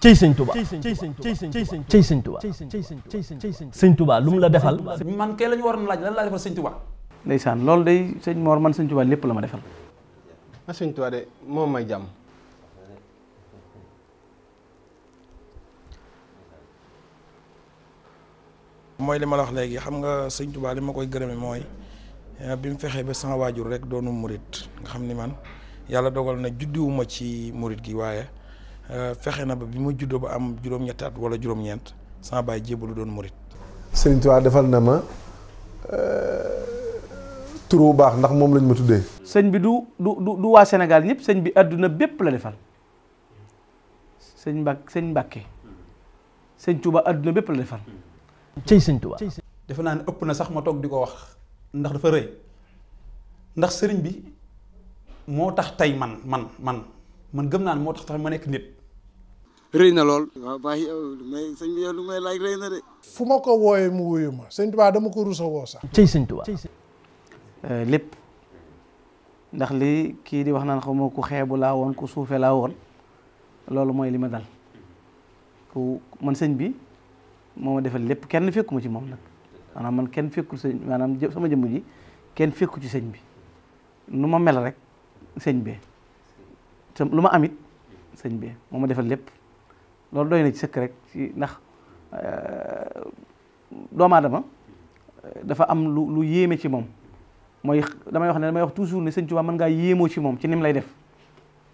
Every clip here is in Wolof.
cey sëñ Touba cey sëñ Touba sëñ Touba lu mu la defal. man kay la ñu waroon laaj lan laa defal sëñ Touba. ndeysaan loolu day sëñ Mor man sëñ Touba lépp la ma defal. ah sëñ Touba de moom may jàmm. mooy li ma la wax léegi xam nga sëñ Touba li ma koy gërëme mooy bi mu fexee ba sama waajur rek doonu murit nga xam ni man yàlla dogal na juddiwuma ci murit gi waaye. Euh, fexe na ba bi ma ba am juróom ñettat wala juróom-ñeent sama baay jébbalu doon mourid serigne touba defal na ma euh, turu bu baax ndax mom lañ ma tuddé serigne bi du du du wa Sénégal ñep serigne bi aduna bépp la defal serigne mbak serigne Mbàkke serigne touba aduna bépp la defal. cey serigne touba defal na ëpp na sax ma tok di wax ndax dafa reuy ndax serigne bi tax man man man man gëm naa ne tax ma nek nit. rëy na lool. waaw bàyyi lu may sëñ bi yow lu may laaj rëy na de. fu ma ko wooyee mu wuyu ma sëñ Tuubaa dama ko rusa woo sax. cëy sëñ Tuubaa eh, lépp ndax li kii di wax naan xaw ma ku xeebu laa woon ku suufee laa woon loolu mooy li ma dal ku man sëñ bi moo ma lépp kenn fekkuma ci moom nag maanaam man kenn fekkul sëñ maanaam sama jëmm ji kenn fekku ci sëñ bi nu ma mel rek sëñ bee te lu ma amit sëñ bee moo ma defal lépp. loolu doy na ci sëkk rek ci ndax doomu adama dafa am lu lu yéeme ci moom mooy damay wax ne damay wax toujours ne sëñ Touba mën ngaa yéemoo ci moom ci nim lay def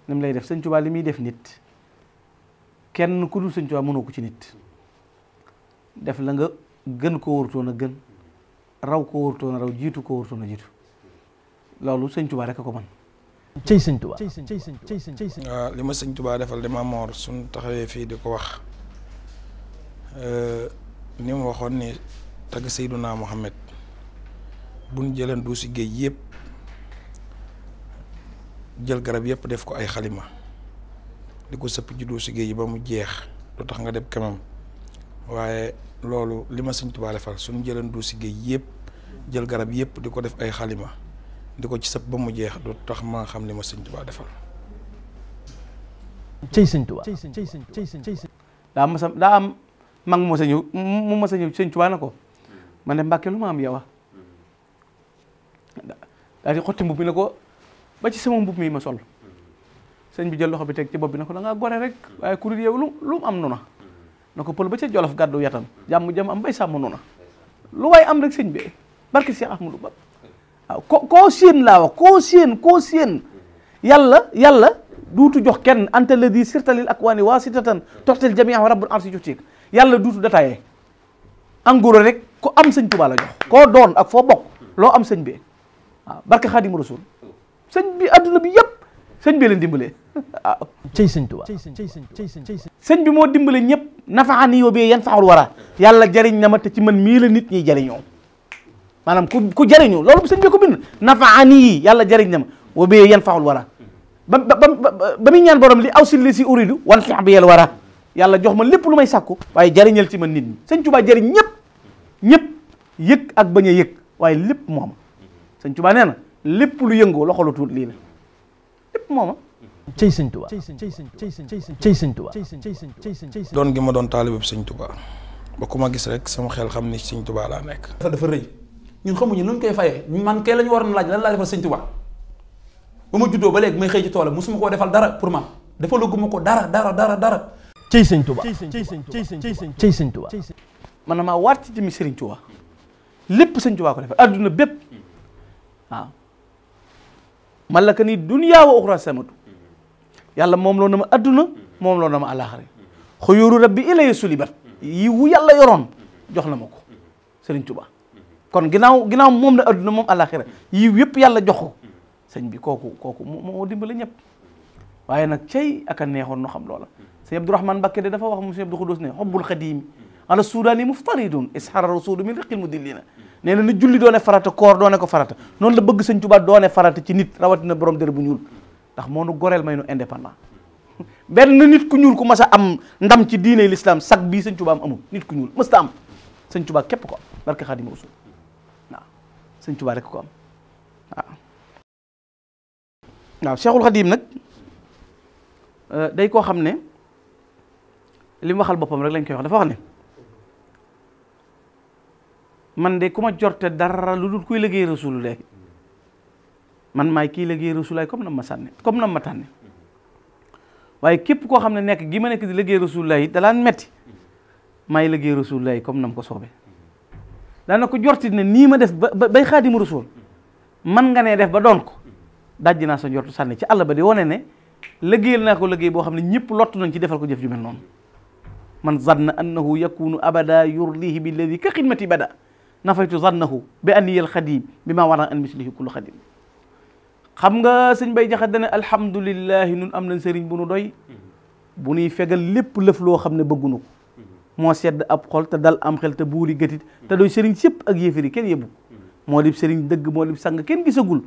nim lay def sëñ Touba li muy def nit kenn ku dul sëñ Touba mënoo ko ci nit def la nga gën ko warutoon a gën raw ko warutoon a raw jiitu ko warutoon a jiitu loolu sëñ Touba rek a ko mën cey sëñ Touba cey sëñ Touba waaw li ma sëñ Touba defal di Mamor suñ taxawee fii di ko wax eh, ni mu waxoon ni tagg Seydouna Mohamed buñ jëlan du si géej yëpp jël garab yëpp def ko ay xalima di ko sëpp du si géej ba mu jeex lu nga dem kanam waaye loolu li ma sëñ Touba defal sun jëlan du si géej yëpp jël garab yëpp di ko def ay xalima di ko ci sëb ba mu jeex du ma xam li ma sëñ Tuubaa defal. cëy sëñ Tuubaa cëy sëñ Tuubaa cëy sëñ Tuubaa daa mos a daa am mag mu mos a sëñ Tuubaa na ko ma ne Mbàkke lu ma am yow ah. di xotti mbubb mi ne ko ba ci sama mbubb mi ma sol. sëñ bi jël loxo bi teg ci bopp bi na ko da ngaa gore rek waaye kuréel yow lu lu mu am noonu na ko pël ba ca jolof gàddu yatam jàmm jàmm am bay sàmm noonu lu waay am rek sëñ bi barke Cheikh Ahmadou Bamba waaw ah, ko koo séen laa wax koo séen koo séen yalla yàlla duutu jox kenn anta ladi sirtalil akwaani waasitatan toxtel jamian am arsi juxtiik yàlla duutu détaillé en gros rek ko am sëñ Tuubaa la jox koo doon ak foo bokk loo am sëñ be waaw ah, barke xaadim rasul sëñ bi adduna bi yëpp sëñ be leen dimbalee waaw cëy sëñ Tuubaa sëñ bi moo dimbale ñëpp nafaani yoo bee yan faxul wara yàlla jariñ na ma te ci man mii la nit ñi jariñoo maanaam ku ku jëriñu loolu sëñ bi ko bind nafaani yi yàlla jariñ na ma wa bi yan faxul wara ba ba ba muy ñaan borom li aw si li si uridu wan si bi yel wara yàlla jox ma lépp lu may sàkku waaye jëriñal ci man nit ñi sëñ Tuubaa jëriñ ñëpp ñëpp yëg ak bañ a yëg waaye lépp mooma sëñ Tuubaa nee na lépp lu yëngoo loxo lu tuut lii la lépp mooma cëy sëñ Tuubaa cëy sëñ Tuubaa doon gi ma doon taalibu sëñ Tuubaa ba ku ma gis rek sama xel xam ni sëñ Tuubaa laa nekk dafa dafa ñun xamuñu nuñ koy fayé man kay lañu waroon laaj lan la defal señtu Tuubaa ba ma juddo ba leg may xey ci toolam musuma ko defal dara pour man defalaguma ko dara dara dara dara cëy sëñ Tuubaa cëy señtu Tuubaa man maa waat ci mi señtu ba lepp señtu ba ko defal aduna bepp wa malaka ni dunya wa ukhra samatu yalla mom lo nama aduna mom lo nama alakhir khuyuru rabbi ilay sulibat yi wu yalla yoron jox na ma ko kon ginnaaw ginnaaw moom na adduna moom àlaxira yiw yëpp yàlla jox ko sëñ bi kooku kooku moo dimbale ñëpp waaye nag cey ak a neexoon nu xam loola sëñ Abdourahmane Mbacké de dafa wax moom sëñ Abdou Khoudous ne xubbul xadiimi ala suudaani muftaridun isxara rasulu min riqil mudillina nee na ni julli doone farata koor doone ko farata noonu la bëgg sañ Tuubaa doone farata ci nit rawatina borom dër bu ñuul ndax moo nu goreel may nu indépendant benn nit ku ñuul ku mas a am ndam ci diine l'islam sag bii sëñ Tuubaa am amul ku ñuul mës sëñ Tuubaa képp ko barke sëñ Tuubaa rek ko am waaw waaw Cheikhul nag euh, day koo xam ne li mu waxal boppam rek lañ koy wax dafa wax ne man de ku ma jorte dara lu dul kuy liggéey Rasulullaahi man maay kii liggéey Rasulullaahi comme na ma sànne comme na ma tànne waaye képp koo xam ne nekk gi ma nekk di liggéey Rasulullaahi dalaan metti maay liggéey Rasulullaahi comme nam ko soobee لأنه كجورتي نيما دف باي خادم رسول من غني دف بدونكو داجنا سون جورتو ساني تي الله بدي وني ني لغيل نكو لغي بو خامني نييب لوت نون تي ديفال كو جيف جومل نون من ظن انه يكون ابدا يرليه بالذي كخدمتي بدا نفيت ظنه باني الخديم بما ورى ان مثله كل خديم خمغا سيني باي جاخ داني الحمد لله نون امنا سيرين بونو دوي بوني فغال ليب لف لو خامني بغونو moo sedd ab xol te dal am xel te buuri gëtit te doy sëriñ sëpp ak yéefari kenn yëbbu moo lib sëriñ dëgg moo lib sang kenn gisagul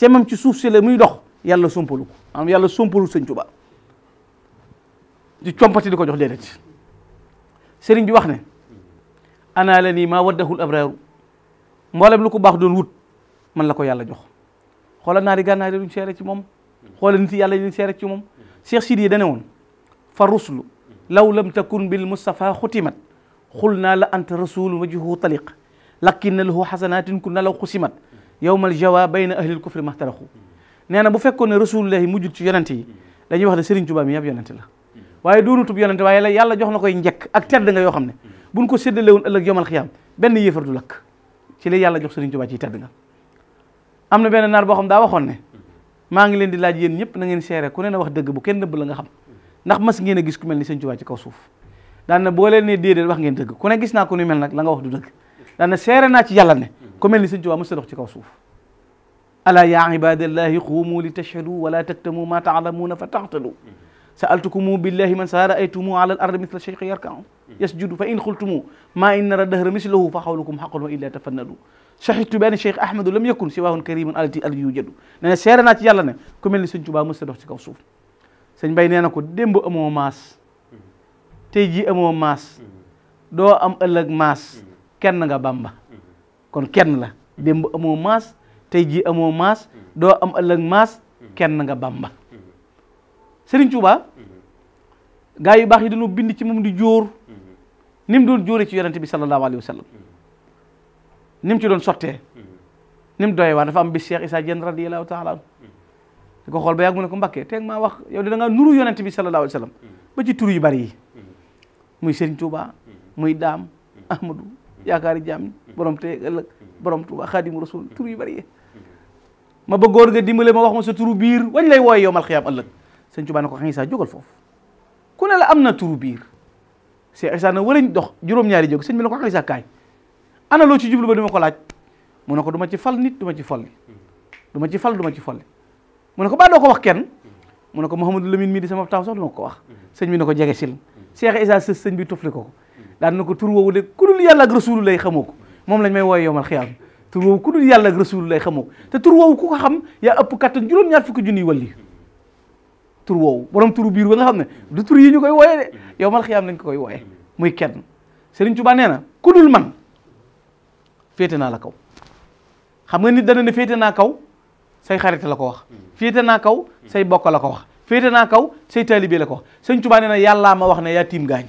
ca même ci suuf si muy dox yàlla sompalu am yàlla sompalu sëñ Tuubaa di compati di ko jox déedéet bi wax ne ana la nii maa waddahul abraaru mboolem lu ko baax doon wut man la ko yàlla jox xoola naari gànnaar yi duñ seere ci moom xoola nit yàlla yi duñ seere ci moom Cheikh Sidi dane woon لو لم تكن بالمصطفى ختمت خلنا انت رسول وجهه طليق لكن له حسنات كنا لو قسمت يوم الجوا بين أهل الكفر ما نانا بو فكون رسول الله موجود في يونتي دا نيو واخ سيرن توبامي ياب يونتي لا واي دونو توب يونتي واي يالا جوخ نكو نجك اك تيرد nga yo xamne buñ ko seddelé won ëlëk yomal xiyam ben yéfer du lak ci li yalla jox serigne touba ci tedd nga amna ben nar bo xam da waxon ne ma ngi leen di laaj yeen ñepp na ngeen séré ku neena wax deug bu kenn ndax mas ngeena gis ku melni seigne touba ci kaw souf dan na bo leen ni déedéet wax ngeen deug ku ne gis na ko nu mel nak la nga wax du deug dan na sere na ci yàlla ne ku melni seigne touba musa dox ci kaw souf ala ya ibadallahi qumu li tashhadu la taktamu ma ta'lamuna fa taxtadu saaltukumu billahi man saa raaytumu ala al ardi mithla sheyqi yarkau yasjudu fa in xultumu ma in nara dahra mislahu fa xawlukum xaqun wa illa tafannadu shahidtu bi anna cheikh ahmadu lam yakun siwahun karimun alati al yujadu ne na seere señ Bay nee ko dembu amo mas tey jii amoo maas am eleg mas, kenn nga bamba, kon kenn la emas, amo mas tey jii amoo maas am eleg mas, kenn nga bamba. señ Tuuba gaay yu bax yi dañu bind ci di jor nim doon jóore ci yaronte bi sallallahu alaihi wasallam nim ci doon sottee nim doy wa dafa am bi Cheikh isa jenn radiyallahu taala diko xol ba yàgg mu ne ko mbakke teeg ma wax yow ya da nga nuru yonnati ya bi sallallahu alaihi wasallam hmm. ba ci turu yu bari hmm. muy Serigne Touba hmm. muy dam Ahmadou yaakaari jam borom te ëllëg eh, borom Touba khadim Rasul turu yu bari ma ma gor nga dimbale ma wax ma sa turu bir wañ lay woy yow mal xiyaam Serigne Touba nako xani sa jogal jógal ku ne la amna na turu bir Cheikh isa na walañ dox juróom-ñaari jog serigne bi ne xani sa kay ana lo ci jublu ba dama ko laaj mu ci fal nit duma ci fal duma ci fal duma ci fal mu ne ko ba doo ko wax kenn mu ne ko Mouhamadou Lamine mii di sama taw sax du ma ko wax mm-hmm. sëñ bi ko jege sil mm-hmm. Cheikh Issa sës sëñ bi tufli ko mm-hmm. daan na ko tur woowu de ku dul yàlla ak rasulu lay xamoo ko moom lañ may wooye yomal xiyaam tur woowu ku dul yàlla ak rasulu lay xamoo ko te tur woowu ku ko xam yaa ëpp kattan juróom-ñaar fukki junniy walli tur woowu borom turu biir ba nga xam ne du tur yi ñu koy wooye de yomal xiyaam lañ ko koy wooye muy kenn Serigne Touba nee na ku dul man féete naa la kaw xam nga ni dana ne féete naa kaw say xarit la ko wax féete naa kaw say bokk la ko wax féete naa kaw say taalibe la ko wax sëñ na yàllaa ma wax ne yaa tiim gaañ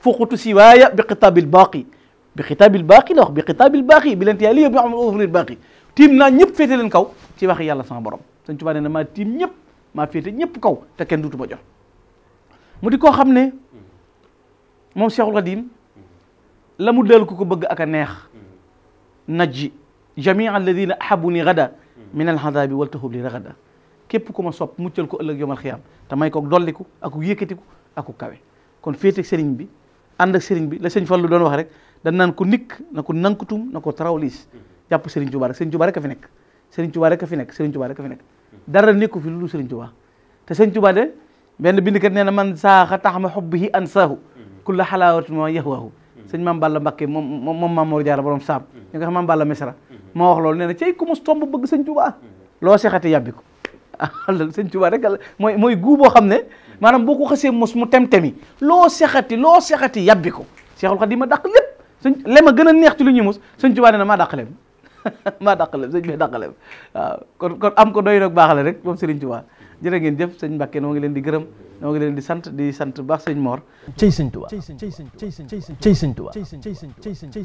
fuqutu si waaya bi xitaabil baaqi bi xitaabil baaqi la wax bi xitaabil baaqi bi leen yaa li yëpp bi xam ofril baaqi tiim na ñëpp féete leen kaw ci waxi yàlla sama borom sëñ Tuubaa nee na ma tiim ñëpp maa fete ñëpp kaw te kenn duutu ma jot mu di koo xam ne moom Cheikhul Khadim la mu del ku ko bëgg ak a neex najji jamia alladina ahabuni gada min alxadaabi wal taxub li raxada képp ku ma sopp muccal ko ëllëg yomal xiyaam te may ko dolliku ak yëkkatiku ak kawe kon féete sëriñ bi ànd ak sëriñ bi la sëñ Fallu doon wax rek dañ naan ko nikk na ko nankutum na ko tarawliis jàpp sëriñ Tuubaa rek sëriñ Tuubaa rek a fi nekk sëriñ Tuubaa rek a fi nekk sëriñ Tuubaa rek a fi nekk dara nekku fi lu dul sëriñ Tuubaa te sëriñ Tuubaa de benn bindkat nee na man saaxa tax ma xubbihi ansaahu kulla xalaawatin ma yahwaahu sëñ maam Balla Mbakke moom moom maam Mor Jaara borom saam ñu nga xam maam Balla Misra moo wax loolu nee na cey ku mus tomb bëgg sëñ Tuubaa loo sexati yàbbi ko sëñ Tuubaa rek mooy mooy guu boo xam ne maanaam boo ko xasee mos mu tem-temi loo sexati loo sexati yàbbi ko Seexul Xadiim ma dàq lépp sëñ lema gën a neex ci lu mus sëñ Tuubaa nee na maa dàq lem maa dàq lem sëñ bi dàq kon kon am ko doy nag baax la rek moom Sëriñ Tuubaa jërë ngeen jëf sëñ Mbàkke noo ngi leen di gërëm noo ngi leen di sant di sant baax sëñ Mor. cey sëñ Tuubaa cey sëñ Tuubaa cey sëñ Tuubaa cey sëñ Tuubaa